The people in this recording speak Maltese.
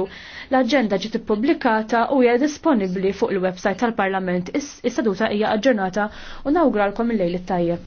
Marzu. L-agenda ġiet ippubblikata u hija disponibbli fuq il-website tal-Parlament. Is-seduta hija aġġornata u nawgralkom il-lejl it-tajjeb.